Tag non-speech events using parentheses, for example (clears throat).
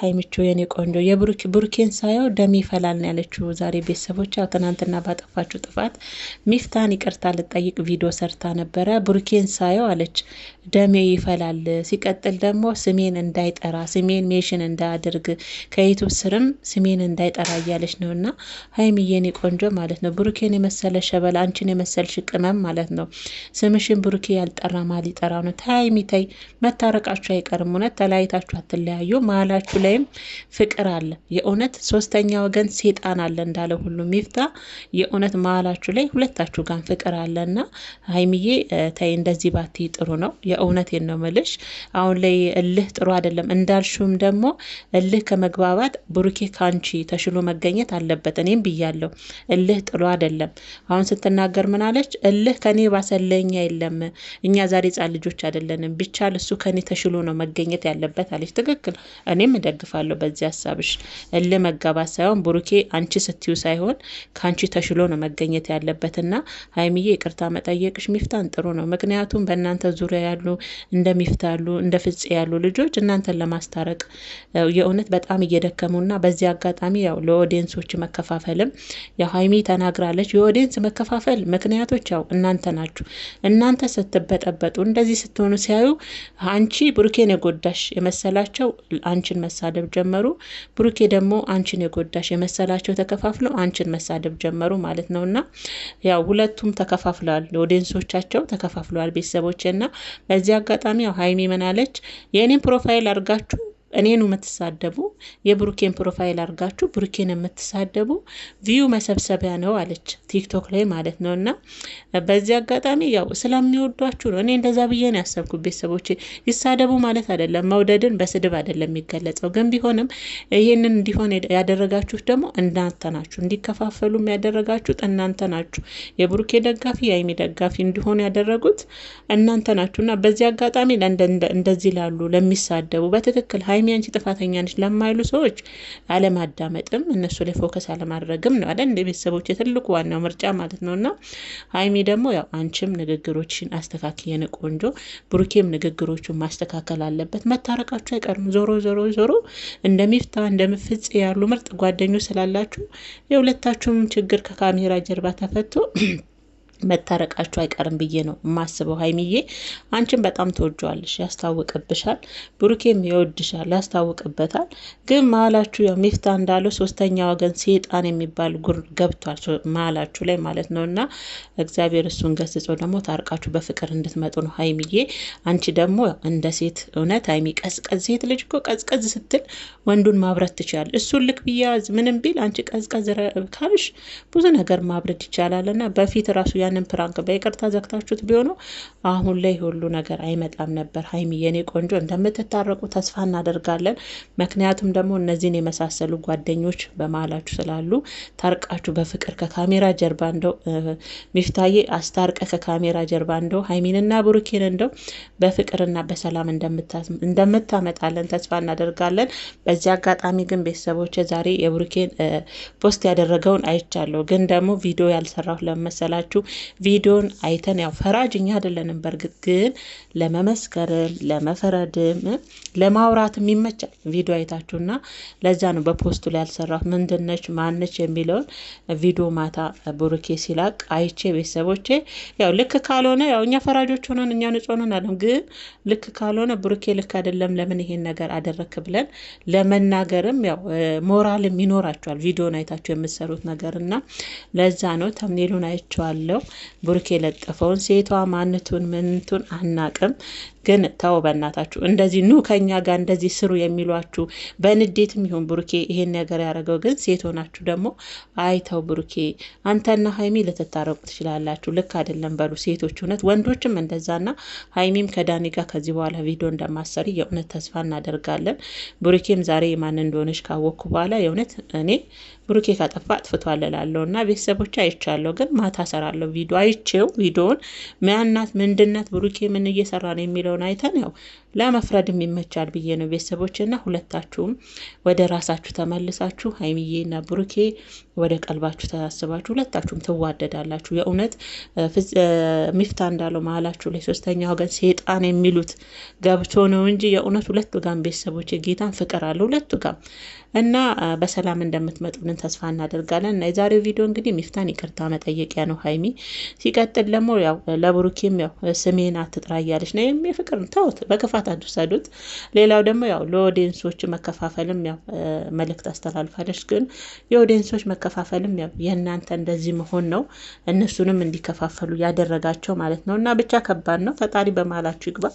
ሀይሚቾ የኔ ቆንጆ የብሩክ ብሩኬን ሳየው ደሜ ይፈላል ነው ያለችው። ዛሬ ቤተሰቦች ያው ትናንትና ባጠፋችው ጥፋት ሚፍታን ይቅርታ ልጠይቅ ቪዲዮ ሰርታ ነበረ። ብሩኬን ሳየው አለች ደሜ ይፈላል። ሲቀጥል ደግሞ ስሜን እንዳይጠራ ስሜን ሜሽን እንዳያደርግ ከዩቱብ ስርም ስሜን እንዳይጠራ እያለች ነው። እና ሀይሚ የኔ ቆንጆ ማለት ነው ብሩኬን የመሰለ ሸበል፣ አንቺን የመሰል ሽቅመም ማለት ነው። ስምሽን ብሩኬ ያልጠራ ማል ይጠራ ነው። ታይ ሀይሚ ተይ፣ መታረቃችሁ አይቀርም እውነት። ተለያይታችሁ አትለያዩ ማላችሁ ላይም ፍቅር አለ። የእውነት ሶስተኛ ወገን ሴጣን አለ እንዳለ ሁሉ ሚፍታ የእውነት መሀላችሁ ላይ ሁለታችሁ ጋር ፍቅር አለ እና ሀይሚዬ ታይ እንደዚህ ባቲ ጥሩ ነው። የእውነት ነው ምልሽ። አሁን ላይ እልህ ጥሩ አይደለም። እንዳልሹም ደግሞ እልህ ከመግባባት ብሩኬ ካንቺ ተሽሎ መገኘት አለበት። እኔም ብያለሁ እልህ ጥሩ አይደለም። አሁን ስትናገር ምናለች? እልህ ከኔ ባሰለኛ የለም እኛ ዛሬ ጻ ልጆች አይደለንም። ብቻ እሱ ከኔ ተሽሎ ነው መገኘት ያለበት አለች። ትክክል እኔም ደግፋለሁ በዚህ ሀሳብሽ። እልህ መጋባት ሳይሆን ብሩኬ አንቺ ስትዩ ሳይሆን ከአንቺ ተሽሎ ነው መገኘት ያለበትና ሀይሚዬ ይቅርታ መጠየቅሽ ሚፍታን ጥሩ ነው። ምክንያቱም በእናንተ ዙሪያ ያሉ እንደ ሚፍታ ያሉ እንደ ፍጽ ያሉ ልጆች እናንተን ለማስታረቅ የእውነት በጣም እየደከሙ ና በዚህ አጋጣሚ ያው ለኦዲየንሶች መከፋፈልም ያው ሀይሚ ተናግራለች። የኦዲየንስ መከፋፈል ምክንያቶች ያው እናንተ ናችሁ። እናንተ ስትበጠበጡ እንደዚህ ስትሆኑ ሲያዩ አንቺ ብሩኬን የጎዳሽ የመሰላቸው አንቺን መ መሳደብ ጀመሩ። ብሩኬ ደግሞ አንቺን የጎዳሽ የመሰላቸው ተከፋፍለው አንቺን መሳደብ ጀመሩ ማለት ነው። እና ያው ሁለቱም ተከፋፍለዋል፣ ኦዲየንሶቻቸው ተከፋፍለዋል ቤተሰቦች እና በዚህ አጋጣሚ ያው ሀይሚ ምናለች የእኔን ፕሮፋይል አድርጋችሁ እኔኑ የምትሳደቡ የብሩኬን ፕሮፋይል አድርጋችሁ ብሩኬን የምትሳደቡ ቪዩ መሰብሰቢያ ነው አለች፣ ቲክቶክ ላይ ማለት ነው። እና በዚህ አጋጣሚ ያው ስለሚወዷችሁ ነው። እኔ እንደዛ ብዬ ነው ያሰብኩ። ቤተሰቦች ይሳደቡ ማለት አይደለም፣ መውደድን በስድብ አይደለም የሚገለጸው። ግን ቢሆንም ይህንን እንዲሆን ያደረጋችሁት ደግሞ እናንተ ናችሁ። እንዲከፋፈሉ ያደረጋችሁት እናንተ ናችሁ። የብሩኬ ደጋፊ የአይሚ ደጋፊ እንዲሆኑ ያደረጉት እናንተ ናችሁ። እና በዚህ አጋጣሚ እንደዚህ ላሉ ለሚሳደቡ በትክክል ሀይሚ አንቺ ጥፋተኛ ነች ለማይሉ ሰዎች አለማዳመጥም እነሱ ላይ ፎከስ አለማድረግም ነው አይደል? እንደ ቤተሰቦች የትልቁ ዋናው ምርጫ ማለት ነው። እና ሀይሚ ደግሞ ያው አንቺም ንግግሮችን አስተካክል የኔ ቆንጆ፣ ብሩኬም ንግግሮቹን ማስተካከል አለበት። መታረቃችሁ አይቀርም። ዞሮ ዞሮ ዞሮ እንደሚፍታ እንደምፍጽ ያሉ ምርጥ ጓደኞች ስላላችሁ የሁለታችሁም ችግር ከካሜራ ጀርባ ተፈቶ (clears throat) መታረቃችሁ አይቀርም ብዬ ነው የማስበው። ሀይሚዬ አንቺን በጣም ትወጂዋለሽ፣ ያስታውቅብሻል። ብሩኬም ይወድሻል፣ ያስታውቅበታል። ግን መሀላችሁ ያው ሚፍታ እንዳለው ሶስተኛ ወገን ሴጣን የሚባል ጉር ገብቷል መሀላችሁ ላይ ማለት ነው እና እግዚአብሔር እሱን ገስጾ ደግሞ ታርቃችሁ በፍቅር እንድትመጡ ነው ሀይሚዬ። አንቺ ደግሞ እንደ ሴት እውነት ሀይሚ ቀዝቀዝ፣ ሴት ልጅ እኮ ቀዝቀዝ ስትል ወንዱን ማብረት ትችላል። እሱን ልክ ብያዝ ምንም ቢል አንቺ ቀዝቀዝ ካልሽ ብዙ ነገር ማብረድ ይቻላል እና በፊት ራሱ ያን ያንን ፕራንክ በይቅርታ ዘግታችሁት ቢሆኑ አሁን ላይ ሁሉ ነገር አይመጣም ነበር። ሀይሚ የኔ ቆንጆ እንደምትታረቁ ተስፋ እናደርጋለን። ምክንያቱም ደግሞ እነዚህን የመሳሰሉ ጓደኞች በመሀላችሁ ስላሉ ታርቃችሁ በፍቅር ከካሜራ ጀርባ እንደው ሚፍታዬ አስታርቀ ከካሜራ ጀርባ እንደው ሀይሚንና ብሩኬን እንደው በፍቅርና በሰላም እንደምታመጣለን ተስፋ እናደርጋለን። በዚህ አጋጣሚ ግን ቤተሰቦች ዛሬ የብሩኬን ፖስት ያደረገውን አይቻለሁ። ግን ደግሞ ቪዲዮ ያልሰራሁ ለመሰላችሁ ቪዲዮን አይተን ያው ፈራጅ እኛ አይደለንም። በእርግጥ ግን ለመመስከርም ለመፈረድም ለማውራትም ይመቻል ቪዲዮ አይታችሁና፣ ለዛ ነው በፖስቱ ላይ ያልሰራሁት ምንድነች ማነች የሚለውን ቪዲዮ ማታ ብሩኬ ሲላቅ አይቼ ቤተሰቦቼ ያው ልክ ካልሆነ ያው እኛ ፈራጆች ሆነን እኛ ንጹህ ሆነን አለም ግን ልክ ካልሆነ ብሩኬ ልክ አይደለም ለምን ይሄን ነገር አደረክ ብለን ለመናገርም ያው ሞራልም ይኖራቸዋል ቪዲዮን አይታችሁ የምትሰሩት ነገር እና ለዛ ነው ተምኔሉን አይቼዋለሁ። ብሩክ የለጠፈውን ሴቷ ማንቱን ምንቱን አናቅም ግን ተው በእናታችሁ እንደዚህ ኑ ከኛ ጋር እንደዚህ ስሩ የሚሏችሁ በንዴትም ይሁን ብሩኬ ይሄን ነገር ያደረገው ግን ሴት ሆናችሁ ደግሞ አይተው ብሩኬ አንተና ሀይሚ ልትታረቁ ትችላላችሁ፣ ልክ አይደለም በሉ ሴቶች። እውነት ወንዶችም እንደዛና ሀይሚም ከዳኒ ጋር ከዚህ በኋላ ቪዲዮ እንደማሰሪ የእውነት ተስፋ እናደርጋለን። ብሩኬም ዛሬ ማን እንደሆነች ካወቅኩ በኋላ የእውነት እኔ ብሩኬ ካጠፋ አጥፍቷል እላለሁ እና ቤተሰቦች አይቻለሁ፣ ግን ማታ ሰራለሁ ቪዲዮ አይቼው ቪዲዮውን ምያናት ምንድናት ብሩኬ ምን እየሰራ ነው የሚለው የሚለውን አይተን ያው ለመፍረድ የሚመቻል ብዬ ነው ቤተሰቦችና ሁለታችሁም ወደ ራሳችሁ ተመልሳችሁ ሀይሚዬና ብሩኬ ወደ ቀልባችሁ ተሳስባችሁ ሁለታችሁም ትዋደዳላችሁ። የእውነት ሚፍታ እንዳለው መሀላችሁ ላይ ሶስተኛ ወገን ሴጣን የሚሉት ገብቶ ነው እንጂ የእውነት ሁለቱ ጋም ቤተሰቦች ጌታን ፍቅር አለ ሁለቱ ጋም እና በሰላም እንደምትመጡልን ተስፋ እናደርጋለን። እና የዛሬው ቪዲዮ እንግዲህ ሚፍታን ይቅርታ መጠየቂያ ነው ሀይሚ። ሲቀጥል ደግሞ ያው ለብሩኬም ያው ስሜን አትጥራ እያለች ነው የፍቅር ተውት፣ በክፋት አትውሰዱት። ሌላው ደግሞ ያው ለኦዲየንሶች መከፋፈልም ያው መልእክት አስተላልፋለች። ግን የኦዲየንሶች መከፋፈልም ያው የእናንተ እንደዚህ መሆን ነው እነሱንም እንዲከፋፈሉ ያደረጋቸው ማለት ነው። እና ብቻ ከባድ ነው። ፈጣሪ በመሀላችሁ ይግባ።